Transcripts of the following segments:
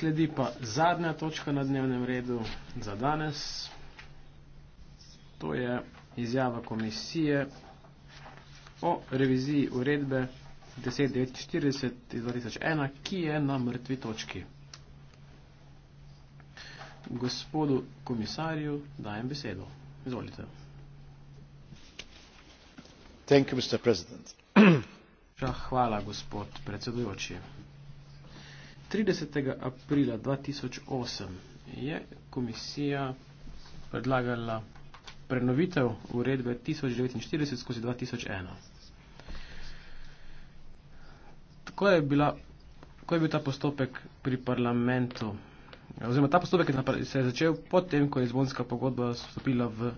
sledi pa zadnja točka na dnevnem redu za danes. To je izjava komisije o reviziji uredbe 1049-2001, ki je na mrtvi točki. Gospodu komisarju dajem besedo. Izvolite. Thank you, Mr. President. Hvala, gospod predsedujoči. 30. aprila 2008 je komisija predlagala prenovitev uredbe 1049 skozi 2001. Tako je bila, ko je bil ta postopek pri parlamentu, oziroma ta postopek se je začel potem, ko je izbonska pogodba stopila v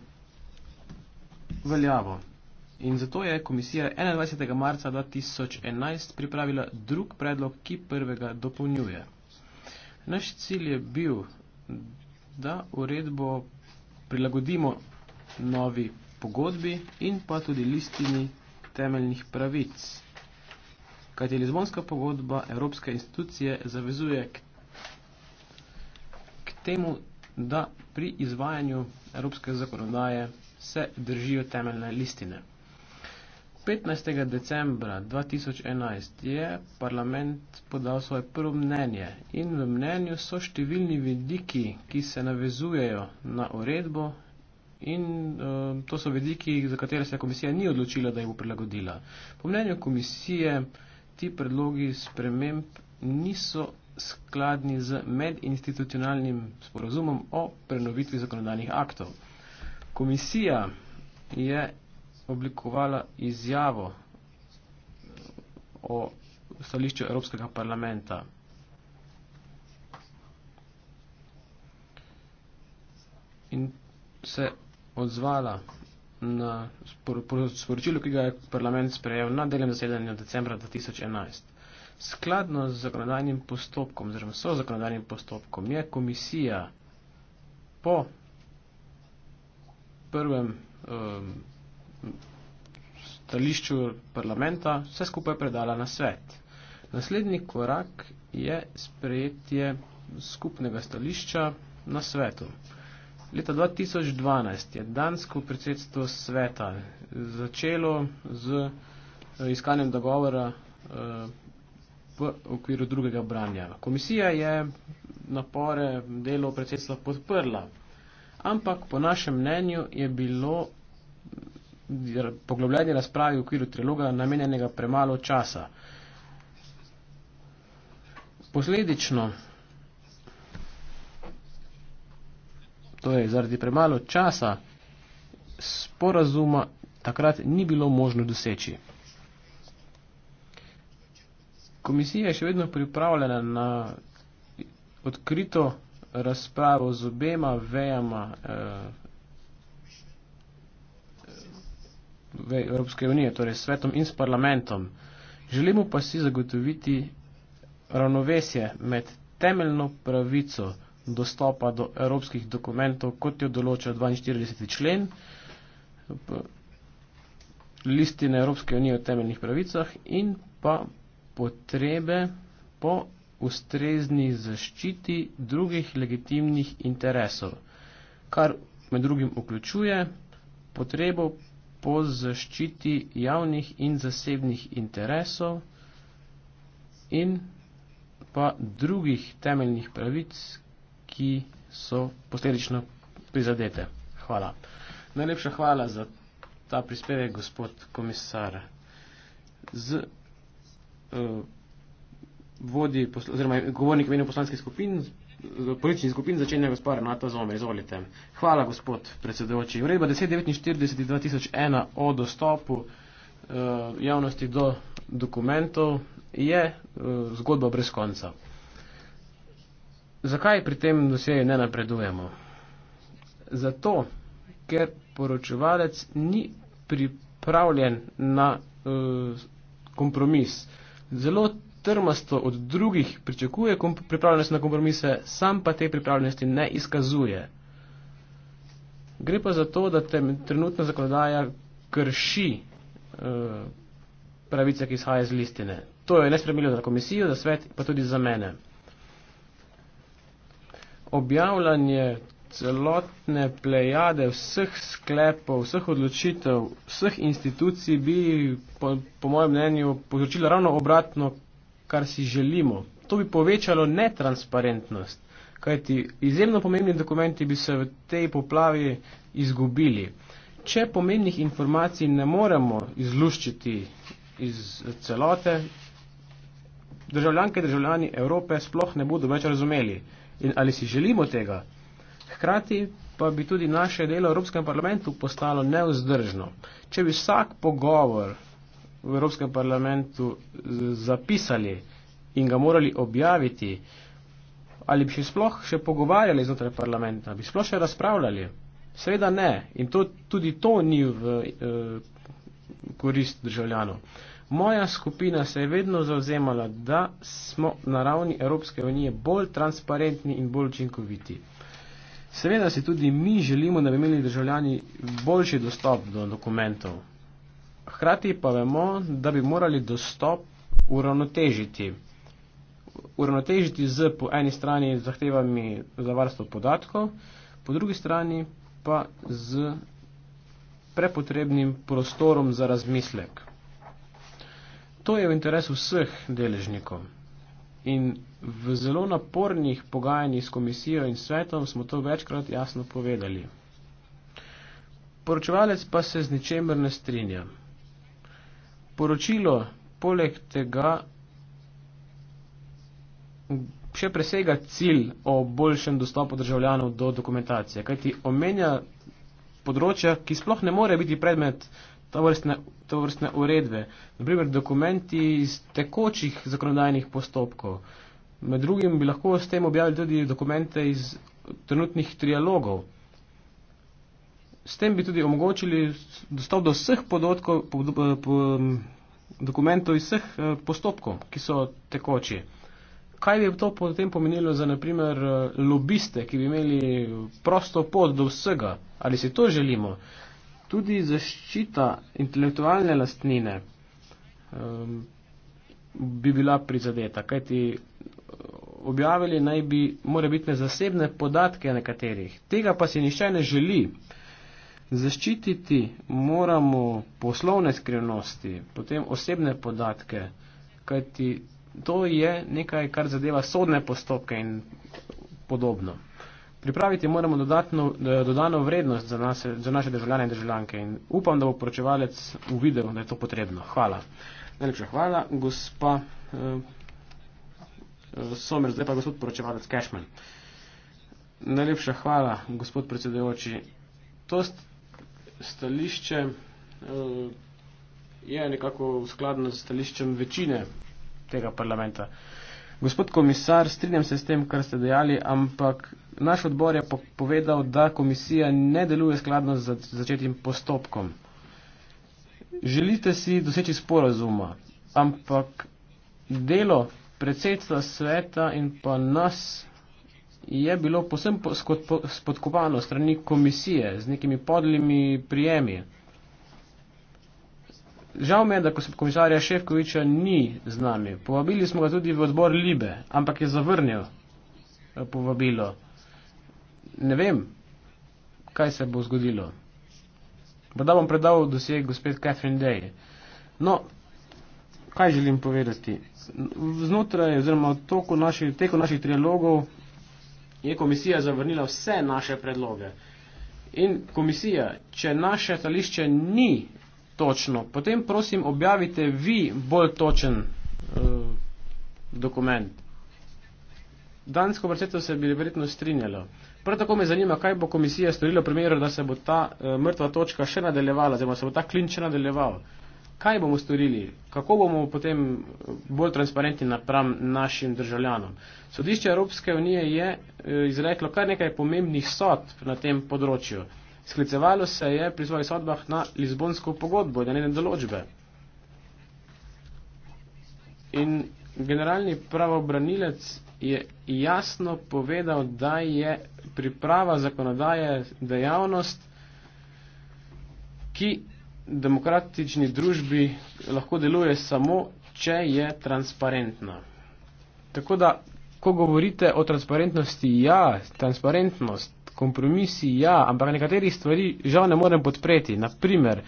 veljavo. In zato je komisija 21. marca 2011 pripravila drug predlog, ki prvega dopolnjuje. Naš cilj je bil, da uredbo prilagodimo novi pogodbi in pa tudi listini temeljnih pravic. Kajti Lizbonska pogodba Evropske institucije zavezuje k, k temu, da pri izvajanju evropske zakonodaje se držijo temeljne listine. 15. decembra 2011 je parlament podal svoje prvo mnenje in v mnenju so številni vidiki, ki se navezujejo na uredbo in uh, to so vidiki, za katere se komisija ni odločila, da jih bo prilagodila. Po mnenju komisije ti predlogi sprememb niso skladni z medinstitucionalnim sporozumom o prenovitvi zakonodajnih aktov. Komisija je oblikovala izjavo o stališču Evropskega parlamenta. In se odzvala na sporočilo, ki ga je parlament sprejel na delem zasedanju decembra 2011. Skladno z zakonodajnim postopkom, oziroma so zakonodajnim postopkom, je komisija po prvem um, stališču parlamenta, vse skupaj predala na svet. Naslednji korak je sprejetje skupnega stališča na svetu. Leta 2012 je dansko predsedstvo sveta začelo z eh, iskanjem dogovora eh, v okviru drugega branja. Komisija je napore delov predsedstva podprla, ampak po našem mnenju je bilo poglobljanje razpravi v okviru triloga namenjenega premalo časa. Posledično, to torej je zaradi premalo časa, sporazuma takrat ni bilo možno doseči. Komisija je še vedno pripravljena na odkrito razpravo z obema vejama. Eh, v Evropske unije, torej svetom in s parlamentom. Želimo pa si zagotoviti ravnovesje med temeljno pravico dostopa do evropskih dokumentov, kot jo določa 42. člen listine Evropske unije o temeljnih pravicah in pa potrebe po ustrezni zaščiti drugih legitimnih interesov, kar med drugim vključuje potrebo po zaščiti javnih in zasebnih interesov in pa drugih temeljnih pravic, ki so posledično prizadete. Hvala. Najlepša hvala za ta prispevek, gospod komisar. Z uh, eh, vodi, oziroma govornik imenu poslanskih skupin, politični skupin začenja gospod Renata Zomer. Izvolite. Hvala, gospod predsedujoči. Uredba 1049-2001 o dostopu uh, javnosti do dokumentov je uh, zgodba brez konca. Zakaj pri tem dosjeju ne napredujemo? Zato, ker poročevalec ni pripravljen na uh, kompromis. Zelo trmasto od drugih pričakuje pripravljenost na kompromise, sam pa te pripravljenosti ne izkazuje. Gre pa za to, da te trenutna zakonodaja krši uh, pravice, ki izhaja iz listine. To je nespremljivo za komisijo, za svet, pa tudi za mene. Objavljanje celotne plejade vseh sklepov, vseh odločitev, vseh institucij bi, po, po mojem mnenju, povzročilo ravno obratno, kar si želimo. To bi povečalo netransparentnost, kajti izjemno pomembni dokumenti bi se v tej poplavi izgubili. Če pomembnih informacij ne moremo izluščiti iz celote, državljanke in državljani Evrope sploh ne bodo več razumeli in ali si želimo tega. Hkrati pa bi tudi naše delo v Evropskem parlamentu postalo neuzdržno. Če bi vsak pogovor v Evropskem parlamentu zapisali in ga morali objaviti, ali bi še sploh še pogovarjali znotraj parlamenta, bi sploh še razpravljali? Seveda ne. In to, tudi to ni v eh, korist državljanov. Moja skupina se je vedno zauzemala, da smo na ravni Evropske unije bolj transparentni in bolj učinkoviti. Seveda si tudi mi želimo, da bi imeli državljani boljši dostop do dokumentov, Hkrati pa vemo, da bi morali dostop uravnotežiti. Uravnotežiti z po eni strani zahtevami za varstvo podatkov, po drugi strani pa z prepotrebnim prostorom za razmislek. To je v interesu vseh deležnikov. In v zelo napornih pogajanjih s komisijo in svetom smo to večkrat jasno povedali. Poročevalec pa se z ničemer ne strinja poročilo poleg tega še presega cilj o boljšem dostopu državljanov do dokumentacije, kajti omenja področja, ki sploh ne more biti predmet tovrstne, tovrstne uredbe, naprimer dokumenti iz tekočih zakonodajnih postopkov. Med drugim bi lahko s tem objavili tudi dokumente iz trenutnih trialogov s tem bi tudi omogočili dostop do vseh podatkov, po, po, mm, dokumentov iz vseh eh, postopkov, ki so tekoči. Kaj bi to potem pomenilo za naprimer eh, lobiste, ki bi imeli prosto pot do vsega? Ali si to želimo? Tudi zaščita intelektualne lastnine um, bi bila prizadeta, kajti eh, objavili naj bi morebitne zasebne podatke nekaterih. Tega pa si nišče ne želi. Zaščititi moramo poslovne skrivnosti, potem osebne podatke, kajti to je nekaj, kar zadeva sodne postopke in podobno. Pripraviti moramo dodatno, eh, dodano vrednost za, nas, za naše državljane in državljanke in upam, da bo poročevalec uvidel, da je to potrebno. Hvala. Najlepša hvala, gospa eh, eh Somer, zdaj pa gospod poročevalec Cashman. Najlepša hvala, gospod predsedujoči. To ste stališče eh, je nekako skladno z stališčem večine tega parlamenta. Gospod komisar, strinjam se s tem, kar ste dejali, ampak naš odbor je povedal, da komisija ne deluje skladno z začetim postopkom. Želite si doseči sporozuma, ampak delo predsedstva sveta in pa nas je bilo posem spodkovano strani komisije z nekimi podlimi prijemi. Žal me je, da komisarja Ševkoviča ni z nami. Povabili smo ga tudi v odbor Libe, ampak je zavrnil eh, povabilo. Ne vem, kaj se bo zgodilo. Morda bom predal dosje gospod Catherine Day. No, kaj želim povedati? Znotraj, oziroma v toku naših, teku naših trialogov je komisija zavrnila vse naše predloge. In komisija, če naše stališče ni točno, potem prosim objavite vi bolj točen uh, dokument. Dansko vrstvo se bi verjetno strinjalo. Prav tako me zanima, kaj bo komisija storila v primeru, da se bo ta uh, mrtva točka še nadaljevala, oziroma se bo ta klin še nadaljeval kaj bomo storili, kako bomo potem eh, bolj transparentni napram našim državljanom. Sodišče Evropske unije je eh, izreklo kar nekaj pomembnih sodb na tem področju. Sklicevalo se je pri svojih sodbah na Lizbonsko pogodbo, da ne določbe. In generalni pravobranilec je jasno povedal, da je priprava zakonodaje dejavnost, ki demokratični družbi lahko deluje samo, če je transparentna. Tako da, ko govorite o transparentnosti, ja, transparentnost, kompromisi, ja, ampak nekaterih stvari žal ne morem podpreti. Naprimer,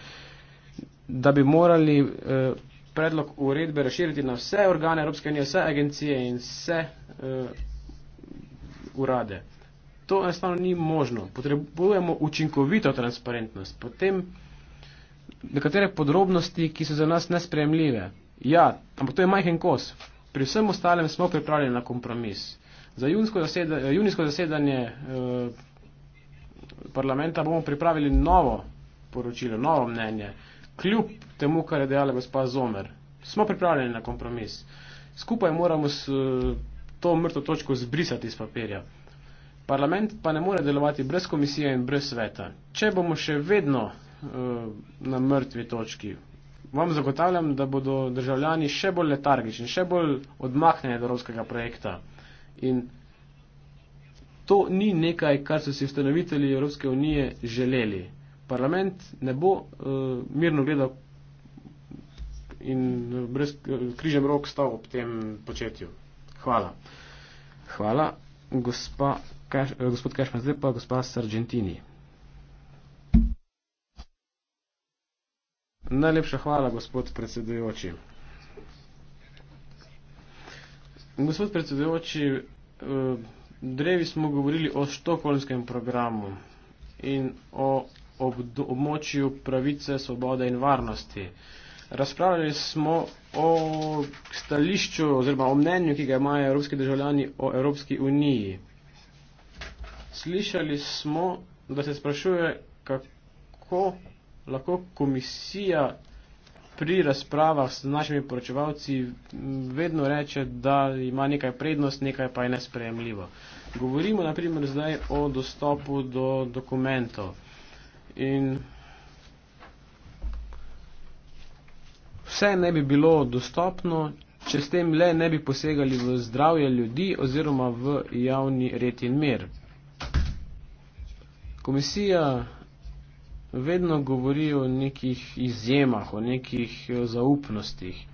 da bi morali eh, predlog uredbe razširiti na vse organe Evropske unije, vse agencije in vse eh, urade. To enostavno ni možno. Potrebujemo učinkovito transparentnost. Potem nekatere podrobnosti, ki so za nas nespremljive. Ja, ampak to je majhen kos. Pri vsem ostalem smo pripravljeni na kompromis. Za zaseda, junijsko zasedanje eh, parlamenta bomo pripravili novo poročilo, novo mnenje, kljub temu, kar je dejala gospa Zomer. Smo pripravljeni na kompromis. Skupaj moramo s, eh, to mrtvo točko zbrisati iz papirja. Parlament pa ne more delovati brez komisije in brez sveta. Če bomo še vedno Eh, na mrtvi točki. Vam zagotavljam, da bodo državljani še bolj letargični, še bolj odmahnjeni od evropskega projekta. In to ni nekaj, kar so si ustanovitelji Evropske unije želeli. Parlament ne bo uh, mirno gledal in eh, brez križem rok stal ob tem početju. Hvala. Hvala, gospa, kaš, gospod Kašman, zdaj pa gospa Sargentini. Najlepša hvala, gospod predsedujoči. Gospod predsedujoči, eh, drevi smo govorili o štokholmskem programu in o območju pravice, svobode in varnosti. Razpravljali smo o stališču oziroma o mnenju, ki ga imajo evropski državljani o Evropski uniji. Slišali smo, da se sprašuje, kako lahko komisija pri razpravah s našimi poročevalci vedno reče, da ima nekaj prednost, nekaj pa je nesprejemljivo. Govorimo naprimer zdaj o dostopu do dokumentov. In vse ne bi bilo dostopno, če s tem le ne bi posegali v zdravje ljudi oziroma v javni red in mir. Komisija vedno govori o nekih izjemah, o nekih eh, zaupnostih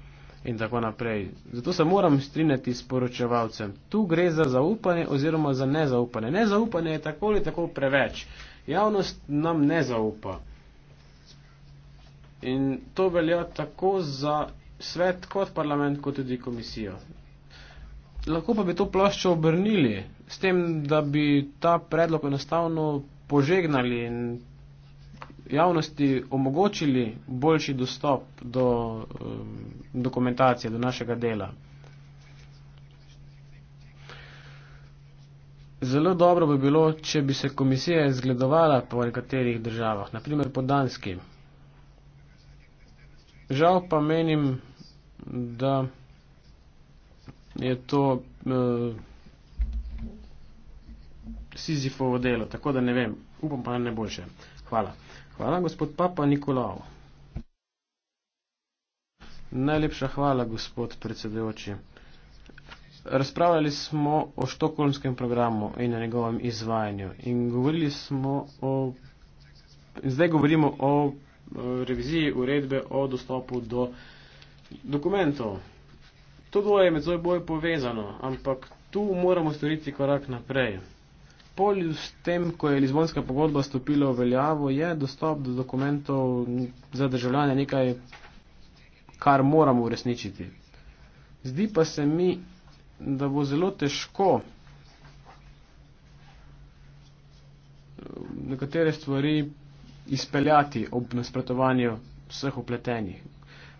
in tako naprej. Zato se moram strinjati s poročevalcem. Tu gre za zaupanje oziroma za nezaupanje. Nezaupanje je tako ali tako preveč. Javnost nam ne zaupa. In to velja tako za svet kot parlament, kot tudi komisijo. Lahko pa bi to ploščo obrnili s tem, da bi ta predlog enostavno požegnali in javnosti omogočili boljši dostop do um, dokumentacije, do našega dela. Zelo dobro bi bilo, če bi se komisija izgledovala po nekaterih državah, naprimer po Danski. Žal pa menim, da je to uh, Sizifovo delo, tako da ne vem, upam pa ne boljše. Hvala. Hvala, gospod Papa Nikolao. Najlepša hvala, gospod predsedujoči. Razpravljali smo o štokholmskem programu in o njegovem izvajanju. In govorili smo o, zdaj govorimo o reviziji uredbe o dostopu do dokumentov. To dvoje je med seboj povezano, ampak tu moramo storiti korak naprej polju s tem, ko je Lizbonska pogodba stopila v veljavo, je dostop do dokumentov za državljanje nekaj, kar moramo uresničiti. Zdi pa se mi, da bo zelo težko eh, nekatere stvari izpeljati ob nasprotovanju vseh upletenih.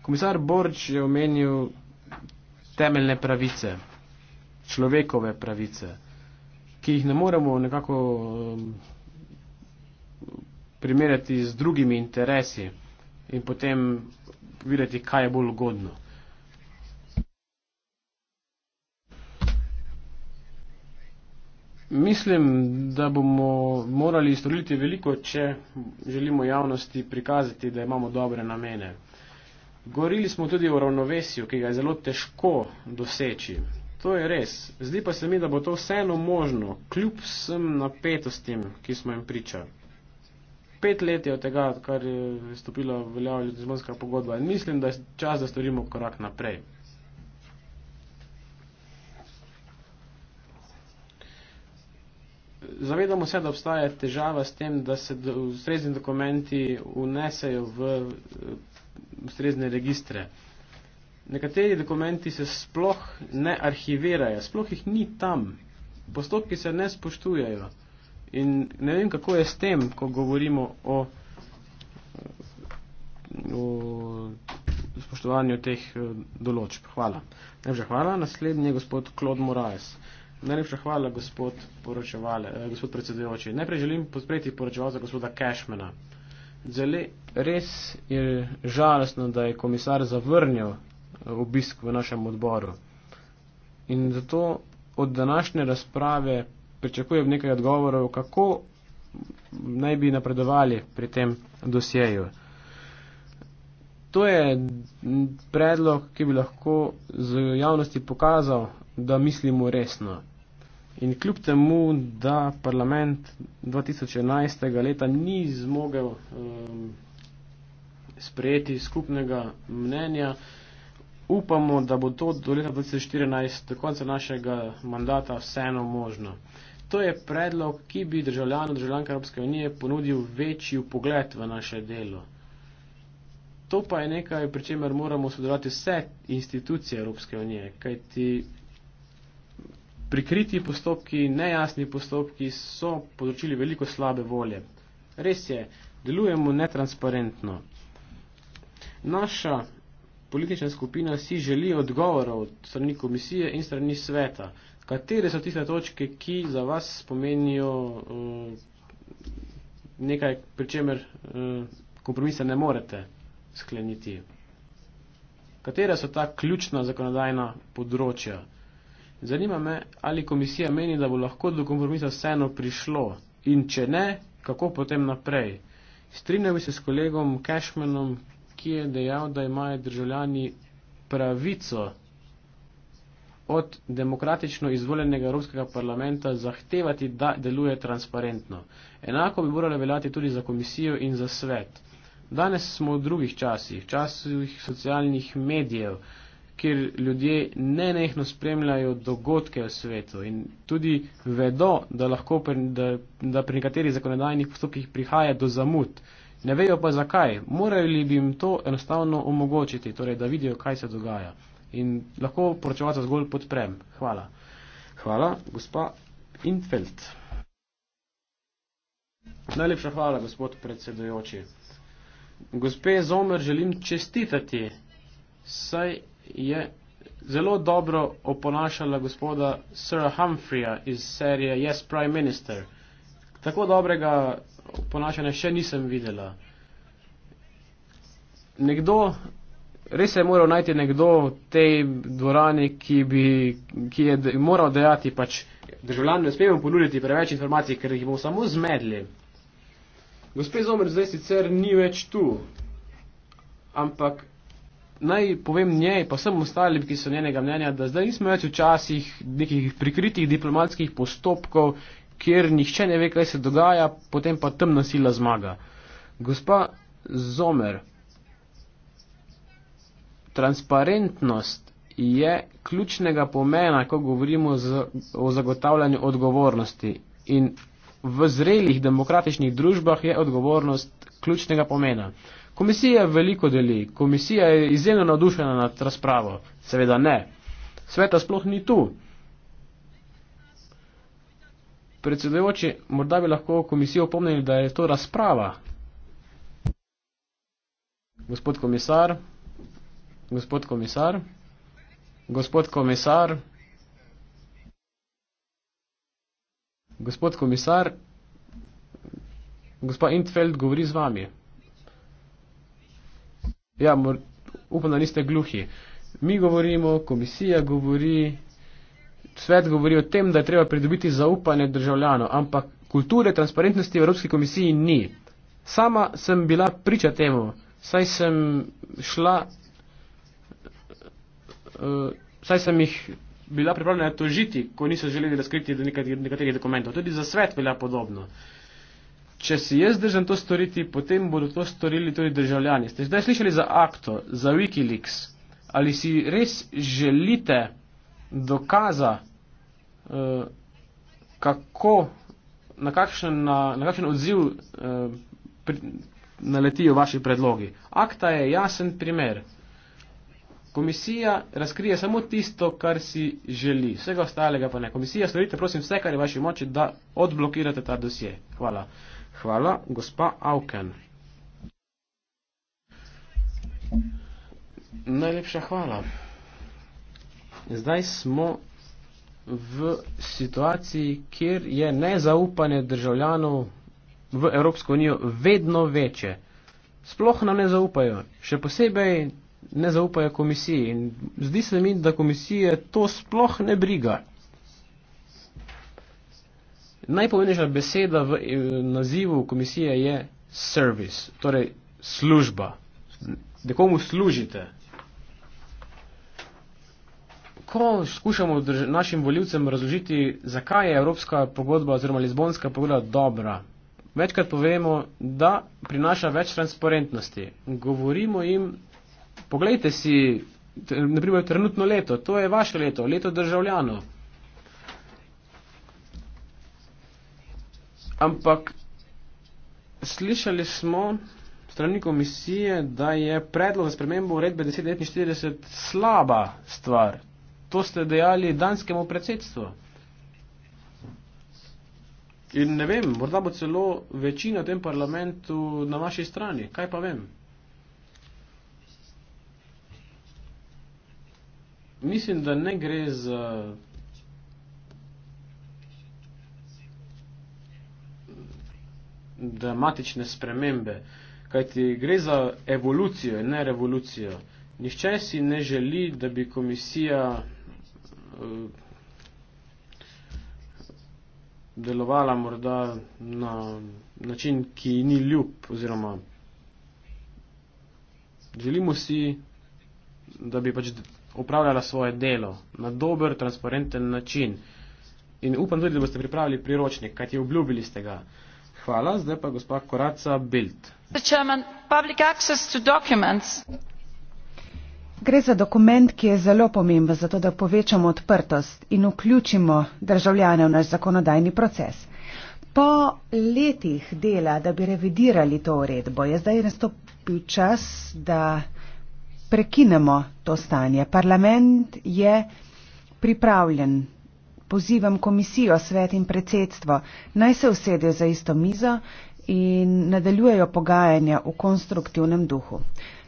Komisar Borč je omenil temeljne pravice, človekove pravice ki jih ne moremo nekako um, primerjati z drugimi interesi in potem videti, kaj je bolj ugodno. Mislim, da bomo morali storiti veliko, če želimo javnosti prikazati, da imamo dobre namene. Govorili smo tudi o ravnovesju, ki ga je zelo težko doseči. To je res. Zdi pa se mi, da bo to vseeno možno, kljub vsem napetostim, ki smo jim pričali. Pet let je od tega, kar je stopila v veljavo Lizbonska pogodba in mislim, da je čas, da storimo korak naprej. Zavedamo se, da obstaja težava s tem, da se ustrezni dokumenti unesejo v eh, ustrezne registre. Nekateri dokumenti se sploh ne arhivirajo, sploh jih ni tam, postopki se ne spoštujejo. In ne vem, kako je s tem, ko govorimo o, o spoštovanju teh eh, določb. Hvala. Najlepša hvala. Naslednji je gospod Claude Moraes. Najlepša hvala, gospod, eh, gospod predsedujoči. Najprej želim podpreti poročevalca gospoda Cashmana. Zale, res je žalostno, da je komisar zavrnil obisk v našem odboru. In zato od današnje razprave pričakujem nekaj odgovorov, kako naj bi napredovali pri tem dosjeju. To je predlog, ki bi lahko z javnosti pokazal, da mislimo resno. In kljub temu, da parlament 2011. leta ni zmogel um, sprejeti skupnega mnenja, upamo, da bo to do leta 2014, do konca našega mandata, vseeno možno. To je predlog, ki bi državljanom državljanke Evropske unije ponudil večji pogled v naše delo. To pa je nekaj, pri čemer moramo sodelovati vse institucije Evropske unije, kajti prikriti postopki, nejasni postopki so področili veliko slabe volje. Res je, delujemo netransparentno. Naša politična skupina si želi odgovorov od strani komisije in strani sveta. Katere so tiste točke, ki za vas spomenijo uh, nekaj, pri čemer uh, kompromisa ne morete skleniti? Katera so ta ključna zakonodajna področja? Zanima me, ali komisija meni, da bo lahko do kompromisa vseeno prišlo in če ne, kako potem naprej. Strinjam se s kolegom Cashmanom, ki je dejal, da imajo državljani pravico od demokratično izvoljenega Evropskega parlamenta zahtevati, da deluje transparentno. Enako bi morale veljati tudi za komisijo in za svet. Danes smo v drugih časih, časih socialnih medijev, kjer ljudje ne nehno spremljajo dogodke v svetu in tudi vedo, da, lahko pri, da, da pri nekaterih zakonodajnih postopkih prihaja do zamud. Ne vejo pa zakaj. Morali bi jim to enostavno omogočiti, torej, da vidijo, kaj se dogaja. In lahko poročevalca zgolj podprem. Hvala. Hvala, gospa Infeld. Najlepša hvala, gospod predsedujoči. Gospe Zomer želim čestitati, saj je zelo dobro oponašala gospoda Sir Humphreya iz serije Yes, Prime Minister. Tako dobrega ponašanja še nisem videla. Nekdo, res je moral najti nekdo v tej dvorani, ki, bi, ki je moral dejati, pač državljanom ne smemo ponuditi preveč informacij, ker jih bomo samo zmedli. Gospod Zomer zdaj sicer ni več tu, ampak naj povem njej, pa vsem ostalim, ki so njenega mnenja, da zdaj nismo več v časih nekih prikritih diplomatskih postopkov kjer nihče ne ve, kaj se dogaja, potem pa temna sila zmaga. Gospa Zomer, transparentnost je ključnega pomena, ko govorimo z, o zagotavljanju odgovornosti. In v zrelih demokratičnih družbah je odgovornost ključnega pomena. Komisija veliko deli, komisija je izjemno navdušena nad razpravo. Seveda ne. Sveta sploh ni tu predsedujoči, morda bi lahko komisijo opomnili, da je to razprava. Gospod komisar, gospod komisar, gospod komisar, gospod komisar, gospa Intfeld govori z vami. Ja, mor, upam, da niste gluhi. Mi govorimo, komisija govori, svet govori o tem, da je treba pridobiti zaupanje državljano, ampak kulture transparentnosti v Evropski komisiji ni. Sama sem bila priča temu, saj sem šla, uh, saj sem jih bila pripravljena tožiti, ko niso želeli razkriti nekaterih dokumentov. Tudi za svet velja podobno. Če si jaz držam to storiti, potem bodo to storili tudi državljani. Ste zdaj slišali za akto, za Wikileaks? Ali si res želite? dokaza, eh, kako, na kakšen, na, na kakšen odziv eh, pri, naletijo vaši predlogi. Akta je jasen primer. Komisija razkrije samo tisto, kar si želi, vsega ostalega pa ne. Komisija, storite prosim vse, kar je v vaši moči, da odblokirate ta dosje. Hvala. Hvala, gospa Auken. Najlepša hvala. Zdaj smo v situaciji, kjer je nezaupanje državljanov v Evropsko unijo vedno večje. Sploh nam ne zaupajo, še posebej ne zaupajo komisiji. In zdi se mi, da komisije to sploh ne briga. Najpomembnejša beseda v e, nazivu komisije je service, torej služba. Nekomu služite ko skušamo našim voljivcem razložiti, zakaj je Evropska pogodba oziroma Lizbonska pogodba dobra, večkrat povemo, da prinaša več transparentnosti. Govorimo jim, pogledajte si, naprimer, trenutno leto, to je vaše leto, leto državljanov. Ampak slišali smo strani komisije, da je predlog za spremembo uredbe 10.40 slaba stvar to ste dejali danskemu predsedstvu. In ne vem, morda bo celo večina v tem parlamentu na vaši strani, kaj pa vem. Mislim, da ne gre za. dramatične spremembe, kajti gre za evolucijo in ne revolucijo. Nihče si ne želi, da bi komisija Eh, delovala morda na način, ki ni ljub, oziroma želimo si, da bi pač upravljala svoje delo na dober, transparenten način. In upam tudi, da boste pripravili priročnik, kaj ti obljubili ste ga. Hvala, zdaj pa gospa Koraca Bild. Mr. Chairman, public access to documents Gre za dokument, ki je zelo pomemben za to, da povečamo odprtost in vključimo državljane v naš zakonodajni proces. Po letih dela, da bi revidirali to uredbo, je zdaj nastopil čas, da prekinemo to stanje. Parlament je pripravljen. Pozivam komisijo, svet in predsedstvo, naj se usedejo za isto mizo in nadaljujejo pogajanja v konstruktivnem duhu.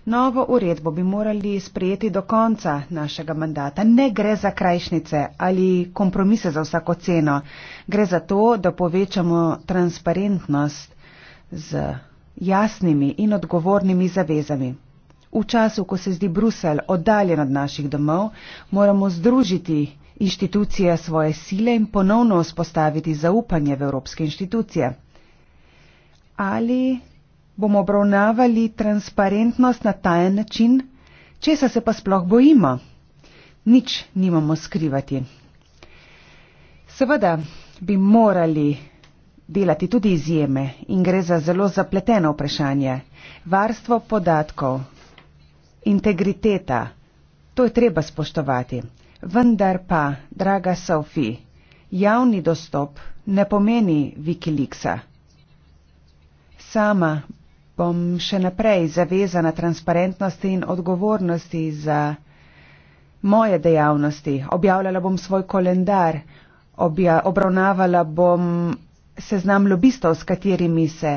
Novo uredbo bi morali sprejeti do konca našega mandata. Ne gre za krajšnice ali kompromise za vsako ceno. Gre za to, da povečamo transparentnost z jasnimi in odgovornimi zavezami. V času, ko se zdi Bruselj oddaljen od naših domov, moramo združiti inštitucije svoje sile in ponovno vzpostaviti zaupanje v evropske inštitucije. Ali bomo obravnavali transparentnost na ta način, česa se pa sploh bojimo. Nič nimamo skrivati. Seveda bi morali delati tudi izjeme in gre za zelo zapleteno vprašanje. Varstvo podatkov, integriteta, to je treba spoštovati. Vendar pa, draga Sofi, javni dostop ne pomeni Wikileaksa. Sama bom še naprej zavezana transparentnosti in odgovornosti za moje dejavnosti. Objavljala bom svoj kolendar, obja, obravnavala bom seznam lobistov, s katerimi se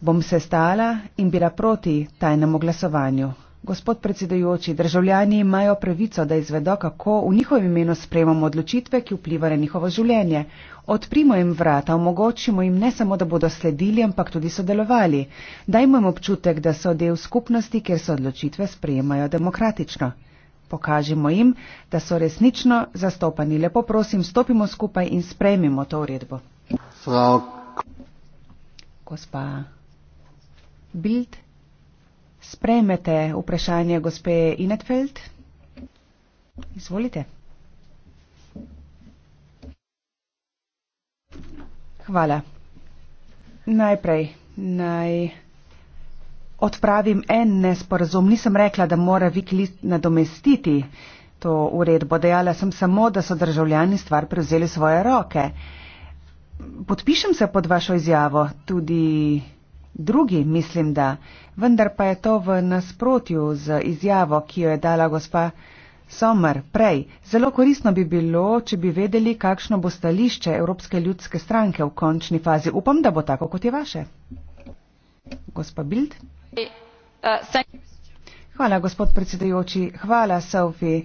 bom sestala in bila proti tajnemu glasovanju. Gospod predsedujoči, državljani imajo pravico, da izvedo, kako v njihovem imenu sprejemamo odločitve, ki vplivajo na njihovo življenje. Odprimo jim vrata, omogočimo jim ne samo, da bodo sledili, ampak tudi sodelovali. Dajmo jim občutek, da so del skupnosti, kjer se odločitve sprejemajo demokratično. Pokažimo jim, da so resnično zastopani. Lepo prosim, stopimo skupaj in sprejmimo to uredbo. Gospa Bild, sprejmete vprašanje gospe Inetfeld? Izvolite. Hvala. Najprej naj odpravim en nesporazum. Nisem rekla, da mora Wikilist nadomestiti to uredbo. Dejala sem samo, da so državljani stvar prevzeli svoje roke. Podpišem se pod vašo izjavo, tudi drugi mislim, da vendar pa je to v nasprotju z izjavo, ki jo je dala gospa. Somr, prej, zelo korisno bi bilo, če bi vedeli, kakšno bo stališče Evropske ljudske stranke v končni fazi. Upam, da bo tako, kot je vaše. Gospa Bild. Hvala, gospod predsedujoči. Hvala, Sophie,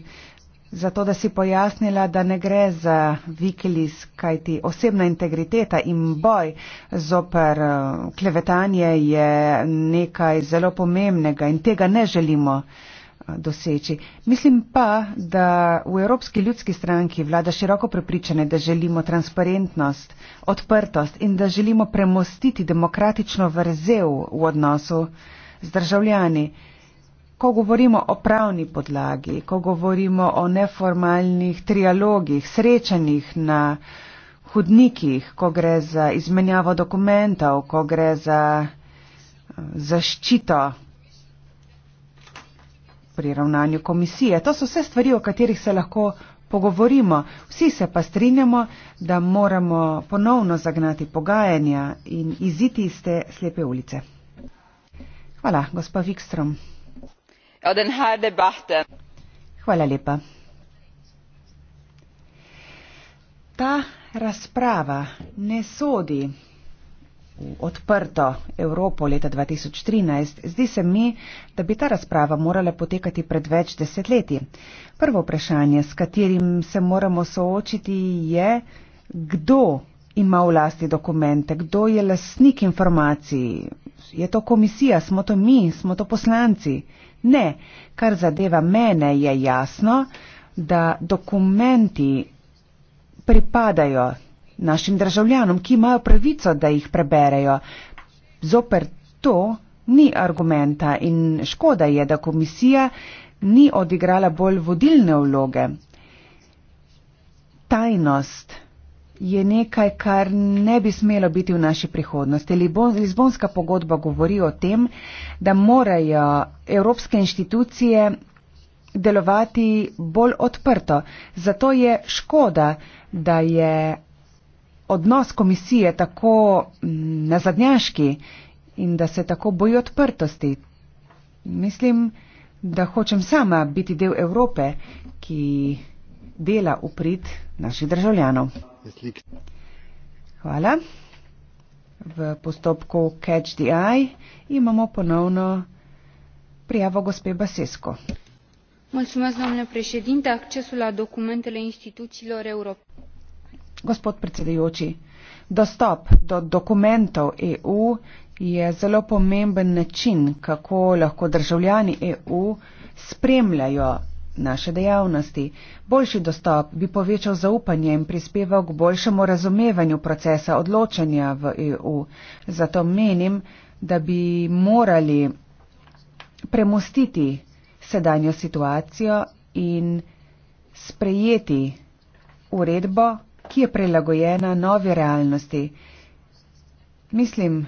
za to, da si pojasnila, da ne gre za Wikileaks, kajti osebna integriteta in boj zoper eh, klevetanje je nekaj zelo pomembnega in tega ne želimo doseči. Mislim pa, da v Evropski ljudski stranki vlada široko prepričane, da želimo transparentnost, odprtost in da želimo premostiti demokratično vrzel v odnosu z državljani. Ko govorimo o pravni podlagi, ko govorimo o neformalnih trialogih, srečanjih na hudnikih, ko gre za izmenjavo dokumentov, ko gre za zaščito pri ravnanju komisije. To so vse stvari, o katerih se lahko pogovorimo. Vsi se pa strinjamo, da moramo ponovno zagnati pogajanja in iziti iz te slepe ulice. Hvala, gospod Vikstrom. Ja, Hvala lepa. Ta razprava ne sodi v odprto Evropo leta 2013, zdi se mi, da bi ta razprava morala potekati pred več desetletji. Prvo vprašanje, s katerim se moramo soočiti, je, kdo ima v lasti dokumente, kdo je lasnik informacij. Je to komisija, smo to mi, smo to poslanci. Ne, kar zadeva mene, je jasno, da dokumenti pripadajo našim državljanom, ki imajo pravico, da jih preberejo. Zoper to ni argumenta in škoda je, da komisija ni odigrala bolj vodilne vloge. Tajnost je nekaj, kar ne bi smelo biti v naši prihodnosti. Lizbonska pogodba govori o tem, da morajo evropske inštitucije delovati bolj odprto. Zato je škoda, da je odnos komisije tako mm, nazadnjaški in da se tako boji odprtosti. Mislim, da hočem sama biti del Evrope, ki dela v prid naših državljanov. Hvala. V postopku Catch the Eye imamo ponovno prijavo gospe Basesko. Mulțumesc, domnule președinte. Accesul la documentele instituțiilor europene gospod predsedujoči. Dostop do dokumentov EU je zelo pomemben način, kako lahko državljani EU spremljajo naše dejavnosti. Boljši dostop bi povečal zaupanje in prispeval k boljšemu razumevanju procesa odločanja v EU. Zato menim, da bi morali premustiti sedanjo situacijo in sprejeti uredbo, ki je prilagojena novi realnosti. Mislim,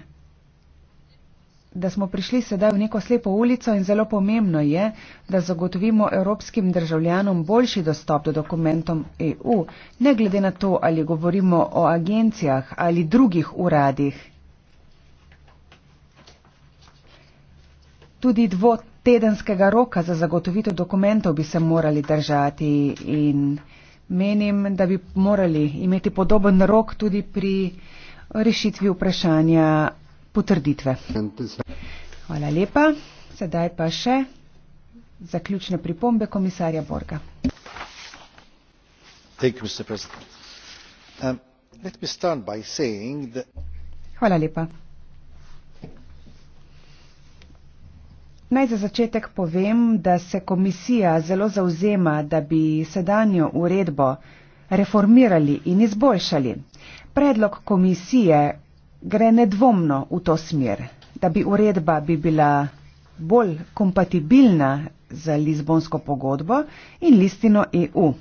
da smo prišli sedaj v neko slepo ulico in zelo pomembno je, da zagotovimo evropskim državljanom boljši dostop do dokumentom EU, ne glede na to, ali govorimo o agencijah ali drugih uradih. Tudi dvotedenskega roka za zagotovitev dokumentov bi se morali držati in. Menim, da bi morali imeti podoben rok tudi pri rešitvi vprašanja potrditve. Hvala lepa. Sedaj pa še zaključne pripombe komisarja Borga. Um, Hvala lepa. Naj za začetek povem, da se komisija zelo zauzema, da bi sedanjo uredbo reformirali in izboljšali. Predlog komisije gre nedvomno v to smer, da bi uredba bi bila bolj kompatibilna z Lizbonsko pogodbo in listino EU.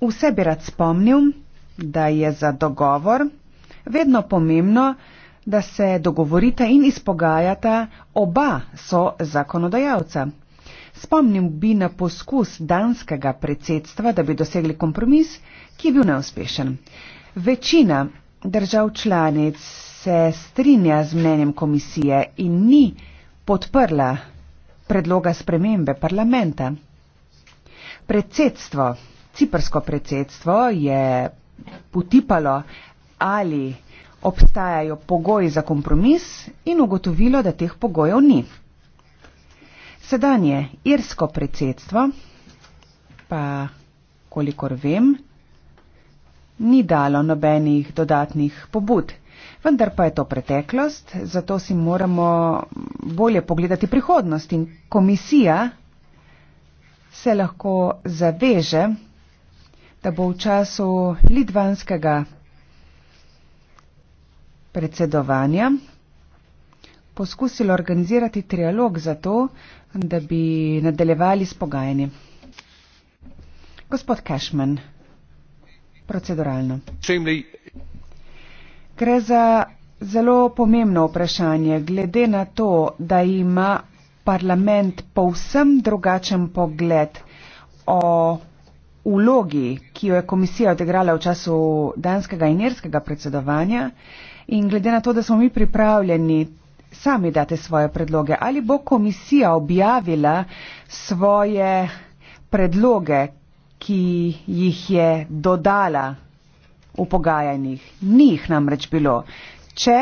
Vse bi rad spomnil, da je za dogovor vedno pomembno, da se dogovorita in izpogajata oba so zakonodajalca. Spomnim bi na poskus danskega predsedstva, da bi dosegli kompromis, ki je bil neuspešen. Večina držav članic se strinja z mnenjem komisije in ni podprla predloga spremembe parlamenta. Predsedstvo, ciprsko predsedstvo je potipalo ali obstajajo pogoji za kompromis in ugotovilo, da teh pogojev ni. Sedanje irsko predsedstvo pa, kolikor vem, ni dalo nobenih dodatnih pobud. Vendar pa je to preteklost, zato si moramo bolje pogledati prihodnost in komisija se lahko zaveže, da bo v času litvanskega predsedovanja poskusilo organizirati trialog za to, da bi nadaljevali s pogajanji. Gospod Cashman, proceduralno. Gre za zelo pomembno vprašanje, glede na to, da ima parlament povsem drugačen pogled o vlogi, ki jo je komisija odigrala v času danskega in irskega predsedovanja. In glede na to, da smo mi pripravljeni sami dati svoje predloge, ali bo komisija objavila svoje predloge, ki jih je dodala v pogajanjih? Ni jih namreč bilo. Če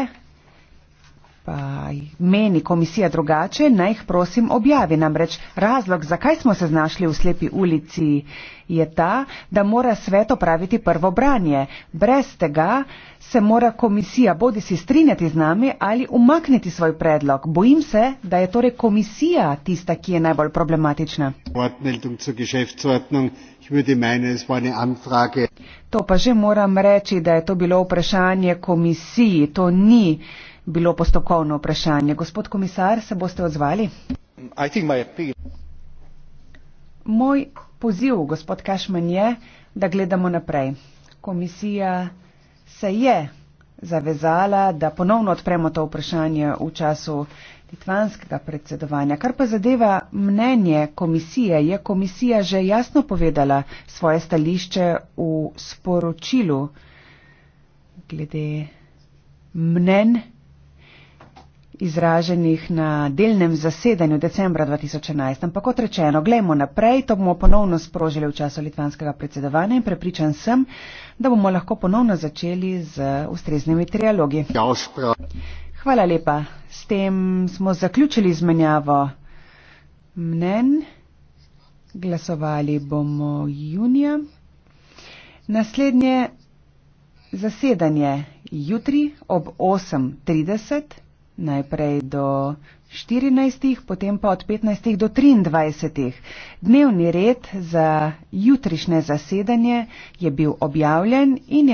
pa meni komisija drugače, naj jih prosim objavi. Namreč razlog, zakaj smo se znašli v slepi ulici, je ta, da mora svet opraviti prvo branje. Brez tega se mora komisija bodi si strinjati z nami ali umakniti svoj predlog. Bojim se, da je torej komisija tista, ki je najbolj problematična. To pa že moram reči, da je to bilo vprašanje komisiji. To ni bilo postopkovno vprašanje. Gospod komisar, se boste odzvali? Moj poziv, gospod Kašman, je, da gledamo naprej. Komisija se je zavezala, da ponovno odpremo to vprašanje v času litvanskega predsedovanja. Kar pa zadeva mnenje komisije, je komisija že jasno povedala svoje stališče v sporočilu glede mnen izraženih na delnem zasedanju decembra 2011. Ampak kot rečeno, gledamo naprej, to bomo ponovno sprožili v času litvanskega predsedovanja in prepričan sem, da bomo lahko ponovno začeli z ustreznimi trialogi. Hvala lepa. S tem smo zaključili izmenjavo mnen. Glasovali bomo junija. Naslednje zasedanje jutri ob 8.30 najprej do 14, potem pa od 15 do 23. Dnevni red za jutrišnje zasedanje je bil objavljen in je